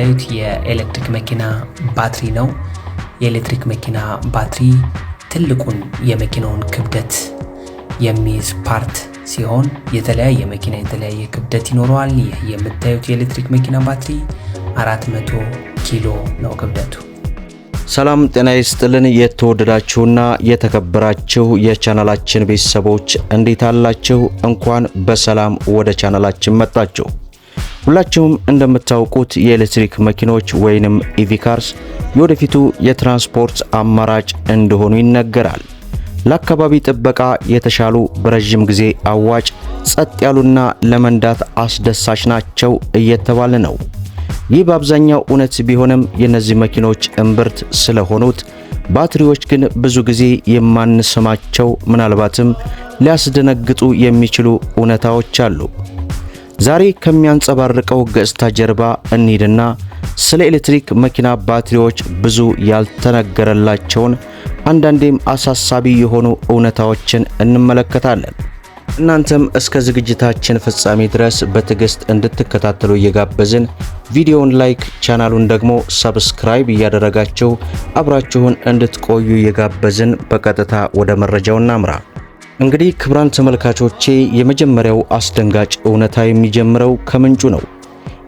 የምታዩት የኤሌክትሪክ መኪና ባትሪ ነው። የኤሌክትሪክ መኪና ባትሪ ትልቁን የመኪናውን ክብደት የሚይዝ ፓርት ሲሆን የተለያየ መኪና የተለያየ ክብደት ይኖረዋል። ይህ የምታዩት የኤሌክትሪክ መኪና ባትሪ 400 ኪሎ ነው ክብደቱ። ሰላም ጤና ይስጥልን። የተወደዳችሁና የተከበራችሁ የቻናላችን ቤተሰቦች እንዴት አላችሁ? እንኳን በሰላም ወደ ቻናላችን መጣችሁ። ሁላችሁም እንደምታውቁት የኤሌክትሪክ መኪኖች ወይንም ኢቪካርስ e የወደፊቱ የትራንስፖርት አማራጭ እንደሆኑ ይነገራል። ለአካባቢ ጥበቃ የተሻሉ፣ በረዥም ጊዜ አዋጭ፣ ጸጥ ያሉና ለመንዳት አስደሳች ናቸው እየተባለ ነው። ይህ በአብዛኛው እውነት ቢሆንም የእነዚህ መኪኖች እምብርት ስለሆኑት ባትሪዎች ግን ብዙ ጊዜ የማንስማቸው ምናልባትም ሊያስደነግጡ የሚችሉ እውነታዎች አሉ። ዛሬ ከሚያንጸባርቀው ገጽታ ጀርባ እንሂድና ስለ ኤሌክትሪክ መኪና ባትሪዎች ብዙ ያልተነገረላቸውን አንዳንዴም አሳሳቢ የሆኑ እውነታዎችን እንመለከታለን። እናንተም እስከ ዝግጅታችን ፍጻሜ ድረስ በትዕግስት እንድትከታተሉ እየጋበዝን ቪዲዮውን ላይክ፣ ቻናሉን ደግሞ ሰብስክራይብ እያደረጋችሁ አብራችሁን እንድትቆዩ እየጋበዝን በቀጥታ ወደ መረጃው እናምራ። እንግዲህ ክብራን ተመልካቾቼ የመጀመሪያው አስደንጋጭ እውነታ የሚጀምረው ከምንጩ ነው።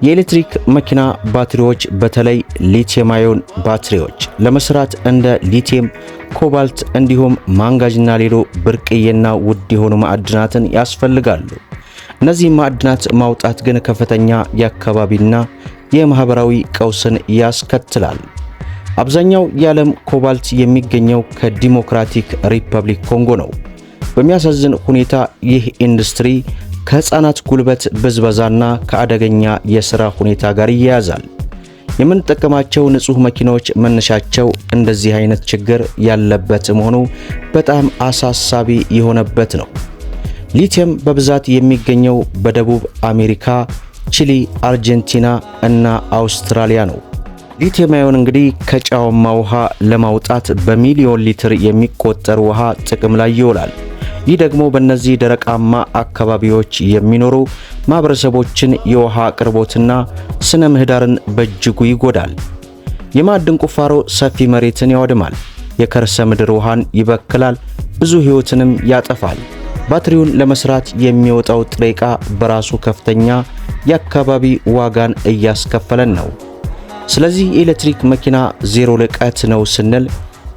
የኤሌክትሪክ መኪና ባትሪዎች በተለይ ሊቲየም አዮን ባትሪዎች ለመስራት እንደ ሊቲየም፣ ኮባልት እንዲሁም ማንጋጅና ሌሎ ብርቅዬና ውድ የሆኑ ማዕድናትን ያስፈልጋሉ። እነዚህ ማዕድናት ማውጣት ግን ከፍተኛ የአካባቢና የማህበራዊ ቀውስን ያስከትላል። አብዛኛው የዓለም ኮባልት የሚገኘው ከዲሞክራቲክ ሪፐብሊክ ኮንጎ ነው። በሚያሳዝን ሁኔታ ይህ ኢንዱስትሪ ከህፃናት ጉልበት ብዝበዛና ከአደገኛ የሥራ ሁኔታ ጋር ይያያዛል። የምንጠቀማቸው ንጹህ መኪናዎች መነሻቸው እንደዚህ አይነት ችግር ያለበት መሆኑ በጣም አሳሳቢ የሆነበት ነው። ሊቲየም በብዛት የሚገኘው በደቡብ አሜሪካ፣ ቺሊ፣ አርጀንቲና እና አውስትራሊያ ነው። ሊቲየም እንግዲህ ከጨዋማ ውሃ ለማውጣት በሚሊዮን ሊትር የሚቆጠር ውሃ ጥቅም ላይ ይውላል። ይህ ደግሞ በእነዚህ ደረቃማ አካባቢዎች የሚኖሩ ማህበረሰቦችን የውሃ አቅርቦትና ስነ ምህዳርን በእጅጉ ይጎዳል። የማዕድን ቁፋሮ ሰፊ መሬትን ያወድማል፣ የከርሰ ምድር ውሃን ይበክላል፣ ብዙ ሕይወትንም ያጠፋል። ባትሪውን ለመስራት የሚወጣው ጥሬ ዕቃ በራሱ ከፍተኛ የአካባቢ ዋጋን እያስከፈለን ነው። ስለዚህ የኤሌክትሪክ መኪና ዜሮ ልቀት ነው ስንል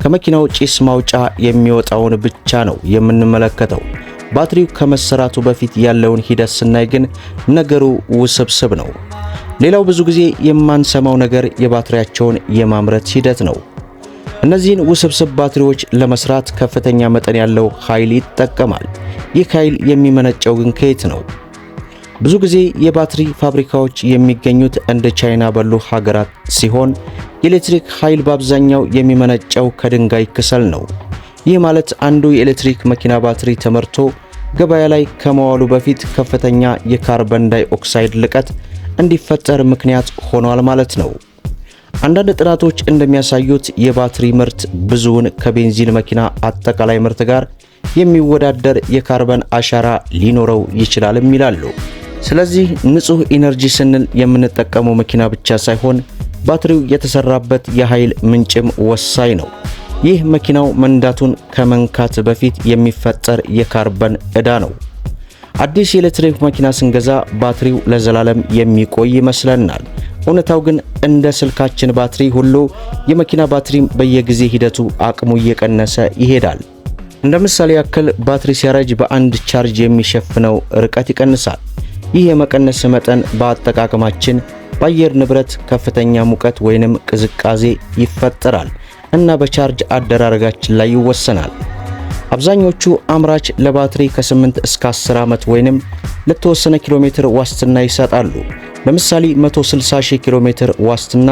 ከመኪናው ጭስ ማውጫ የሚወጣውን ብቻ ነው የምንመለከተው። ባትሪው ከመሰራቱ በፊት ያለውን ሂደት ስናይ ግን ነገሩ ውስብስብ ነው። ሌላው ብዙ ጊዜ የማንሰማው ነገር የባትሪያቸውን የማምረት ሂደት ነው። እነዚህን ውስብስብ ባትሪዎች ለመስራት ከፍተኛ መጠን ያለው ኃይል ይጠቀማል። ይህ ኃይል የሚመነጨው ግን ከየት ነው? ብዙ ጊዜ የባትሪ ፋብሪካዎች የሚገኙት እንደ ቻይና ባሉ ሀገራት ሲሆን የኤሌክትሪክ ኃይል በአብዛኛው የሚመነጨው ከድንጋይ ክሰል ነው። ይህ ማለት አንዱ የኤሌክትሪክ መኪና ባትሪ ተመርቶ ገበያ ላይ ከመዋሉ በፊት ከፍተኛ የካርበን ዳይኦክሳይድ ልቀት እንዲፈጠር ምክንያት ሆኗል ማለት ነው። አንዳንድ ጥናቶች እንደሚያሳዩት የባትሪ ምርት ብዙውን ከቤንዚን መኪና አጠቃላይ ምርት ጋር የሚወዳደር የካርበን አሻራ ሊኖረው ይችላልም ይላሉ። ስለዚህ ንጹህ ኢነርጂ ስንል የምንጠቀመው መኪና ብቻ ሳይሆን ባትሪው የተሰራበት የኃይል ምንጭም ወሳኝ ነው። ይህ መኪናው መንዳቱን ከመንካት በፊት የሚፈጠር የካርበን ዕዳ ነው። አዲስ የኤሌክትሪክ መኪና ስንገዛ ባትሪው ለዘላለም የሚቆይ ይመስለናል። እውነታው ግን እንደ ስልካችን ባትሪ ሁሉ የመኪና ባትሪም በየጊዜ ሂደቱ አቅሙ እየቀነሰ ይሄዳል። እንደ ምሳሌ ያክል ባትሪ ሲያረጅ በአንድ ቻርጅ የሚሸፍነው ርቀት ይቀንሳል። ይህ የመቀነስ መጠን በአጠቃቀማችን በአየር ንብረት ከፍተኛ ሙቀት ወይንም ቅዝቃዜ ይፈጠራል እና በቻርጅ አደራረጋችን ላይ ይወሰናል። አብዛኞቹ አምራች ለባትሪ ከ8 እስከ 10 ዓመት ወይንም ለተወሰነ ኪሎ ሜትር ዋስትና ይሰጣሉ። ለምሳሌ 160 ሺህ ኪሎ ሜትር ዋስትና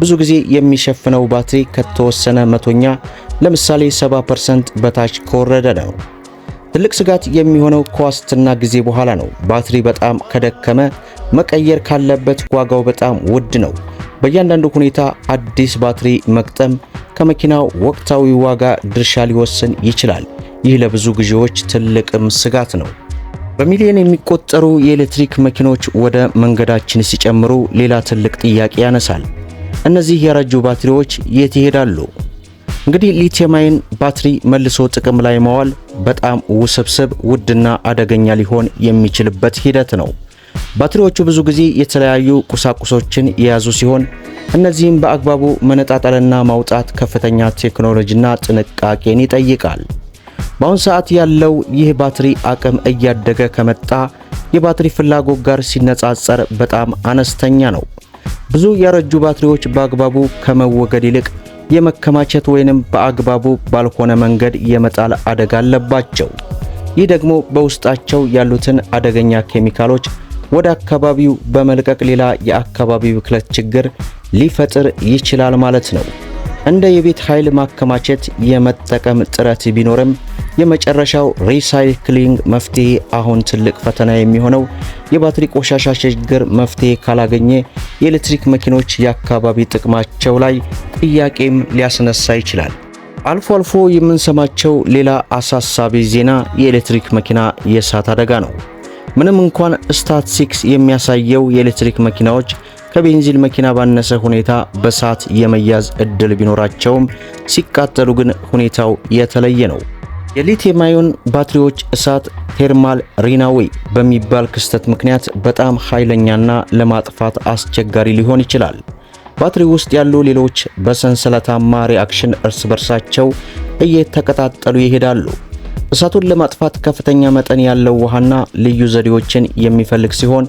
ብዙ ጊዜ የሚሸፍነው ባትሪ ከተወሰነ መቶኛ ለምሳሌ 70% በታች ከወረደ ነው። ትልቅ ስጋት የሚሆነው ከዋስትና ጊዜ በኋላ ነው። ባትሪ በጣም ከደከመ መቀየር ካለበት ዋጋው በጣም ውድ ነው። በእያንዳንዱ ሁኔታ አዲስ ባትሪ መግጠም ከመኪናው ወቅታዊ ዋጋ ድርሻ ሊወስን ይችላል። ይህ ለብዙ ግዢዎች ትልቅም ስጋት ነው። በሚሊዮን የሚቆጠሩ የኤሌክትሪክ መኪኖች ወደ መንገዳችን ሲጨምሩ ሌላ ትልቅ ጥያቄ ያነሳል። እነዚህ ያረጁ ባትሪዎች የት ይሄዳሉ? እንግዲህ ሊቲየም ባትሪ መልሶ ጥቅም ላይ ማዋል በጣም ውስብስብ ውድና አደገኛ ሊሆን የሚችልበት ሂደት ነው። ባትሪዎቹ ብዙ ጊዜ የተለያዩ ቁሳቁሶችን የያዙ ሲሆን እነዚህም በአግባቡ መነጣጠልና ማውጣት ከፍተኛ ቴክኖሎጂና ጥንቃቄን ይጠይቃል። በአሁን ሰዓት ያለው ይህ ባትሪ አቅም እያደገ ከመጣ የባትሪ ፍላጎት ጋር ሲነጻጸር በጣም አነስተኛ ነው። ብዙ ያረጁ ባትሪዎች በአግባቡ ከመወገድ ይልቅ የመከማቸት ወይንም በአግባቡ ባልሆነ መንገድ የመጣል አደጋ አለባቸው። ይህ ደግሞ በውስጣቸው ያሉትን አደገኛ ኬሚካሎች ወደ አካባቢው በመልቀቅ ሌላ የአካባቢው ብክለት ችግር ሊፈጥር ይችላል ማለት ነው። እንደ የቤት ኃይል ማከማቸት የመጠቀም ጥረት ቢኖርም የመጨረሻው ሪሳይክሊንግ መፍትሄ አሁን ትልቅ ፈተና የሚሆነው የባትሪ ቆሻሻ ችግር መፍትሄ ካላገኘ የኤሌክትሪክ መኪኖች የአካባቢ ጥቅማቸው ላይ ጥያቄም ሊያስነሳ ይችላል። አልፎ አልፎ የምንሰማቸው ሌላ አሳሳቢ ዜና የኤሌክትሪክ መኪና የእሳት አደጋ ነው። ምንም እንኳን ስታትሲክስ የሚያሳየው የኤሌክትሪክ መኪናዎች ከቤንዚን መኪና ባነሰ ሁኔታ በእሳት የመያዝ እድል ቢኖራቸውም ሲቃጠሉ ግን ሁኔታው የተለየ ነው። የሊቲየም አዮን ባትሪዎች እሳት ቴርማል ሪናዌ በሚባል ክስተት ምክንያት በጣም ኃይለኛና ለማጥፋት አስቸጋሪ ሊሆን ይችላል። ባትሪ ውስጥ ያሉ ሌሎች በሰንሰለታማ ሪአክሽን እርስ በርሳቸው እየተቀጣጠሉ ይሄዳሉ። እሳቱን ለማጥፋት ከፍተኛ መጠን ያለው ውሃና ልዩ ዘዴዎችን የሚፈልግ ሲሆን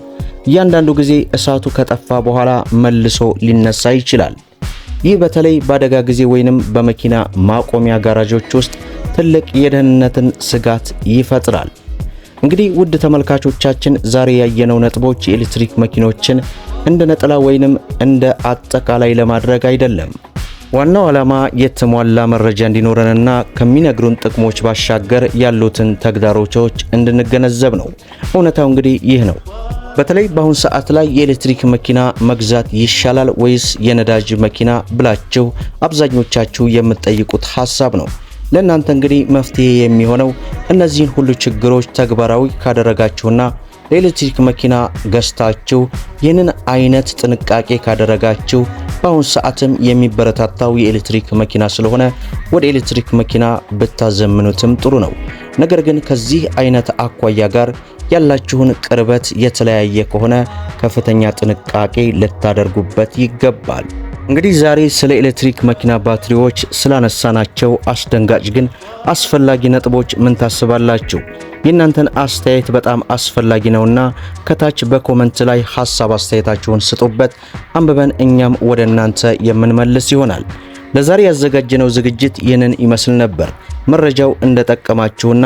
እያንዳንዱ ጊዜ እሳቱ ከጠፋ በኋላ መልሶ ሊነሳ ይችላል። ይህ በተለይ በአደጋ ጊዜ ወይንም በመኪና ማቆሚያ ጋራዦች ውስጥ ትልቅ የደህንነትን ስጋት ይፈጥራል። እንግዲህ ውድ ተመልካቾቻችን ዛሬ ያየነው ነጥቦች የኤሌክትሪክ መኪኖችን እንደ ነጠላ ወይንም እንደ አጠቃላይ ለማድረግ አይደለም። ዋናው ዓላማ የተሟላ መረጃ እንዲኖረንና ከሚነግሩን ጥቅሞች ባሻገር ያሉትን ተግዳሮቶች እንድንገነዘብ ነው። እውነታው እንግዲህ ይህ ነው። በተለይ በአሁን ሰዓት ላይ የኤሌክትሪክ መኪና መግዛት ይሻላል ወይስ የነዳጅ መኪና ብላችሁ አብዛኞቻችሁ የምትጠይቁት ሐሳብ ነው። ለእናንተ እንግዲህ መፍትሄ የሚሆነው እነዚህን ሁሉ ችግሮች ተግባራዊ ካደረጋችሁና ለኤሌክትሪክ መኪና ገዝታችሁ ይህንን አይነት ጥንቃቄ ካደረጋችሁ በአሁን ሰዓትም የሚበረታታው የኤሌክትሪክ መኪና ስለሆነ ወደ ኤሌክትሪክ መኪና ብታዘምኑትም ጥሩ ነው። ነገር ግን ከዚህ አይነት አኳያ ጋር ያላችሁን ቅርበት የተለያየ ከሆነ ከፍተኛ ጥንቃቄ ልታደርጉበት ይገባል። እንግዲህ ዛሬ ስለ ኤሌክትሪክ መኪና ባትሪዎች ስላነሳናቸው አስደንጋጭ ግን አስፈላጊ ነጥቦች ምን ታስባላችሁ? የእናንተን አስተያየት በጣም አስፈላጊ ነውና ከታች በኮመንት ላይ ሐሳብ አስተያየታችሁን ስጡበት፣ አንብበን እኛም ወደ እናንተ የምንመልስ ይሆናል። ለዛሬ ያዘጋጀነው ዝግጅት ይህንን ይመስል ነበር። መረጃው እንደጠቀማችሁና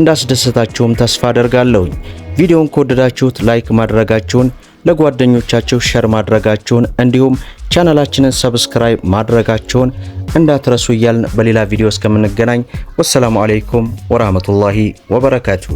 እንዳስደሰታችሁም ተስፋ አደርጋለሁኝ። ቪዲዮውን ከወደዳችሁት ላይክ ማድረጋችሁን፣ ለጓደኞቻችሁ ሸር ማድረጋችሁን እንዲሁም ቻናላችንን ሰብስክራይብ ማድረጋቸውን እንዳትረሱ እያልን በሌላ ቪዲዮ እስከምንገናኝ ወሰላሙ አሌይኩም ወራህመቱላሂ ወበረካቱ።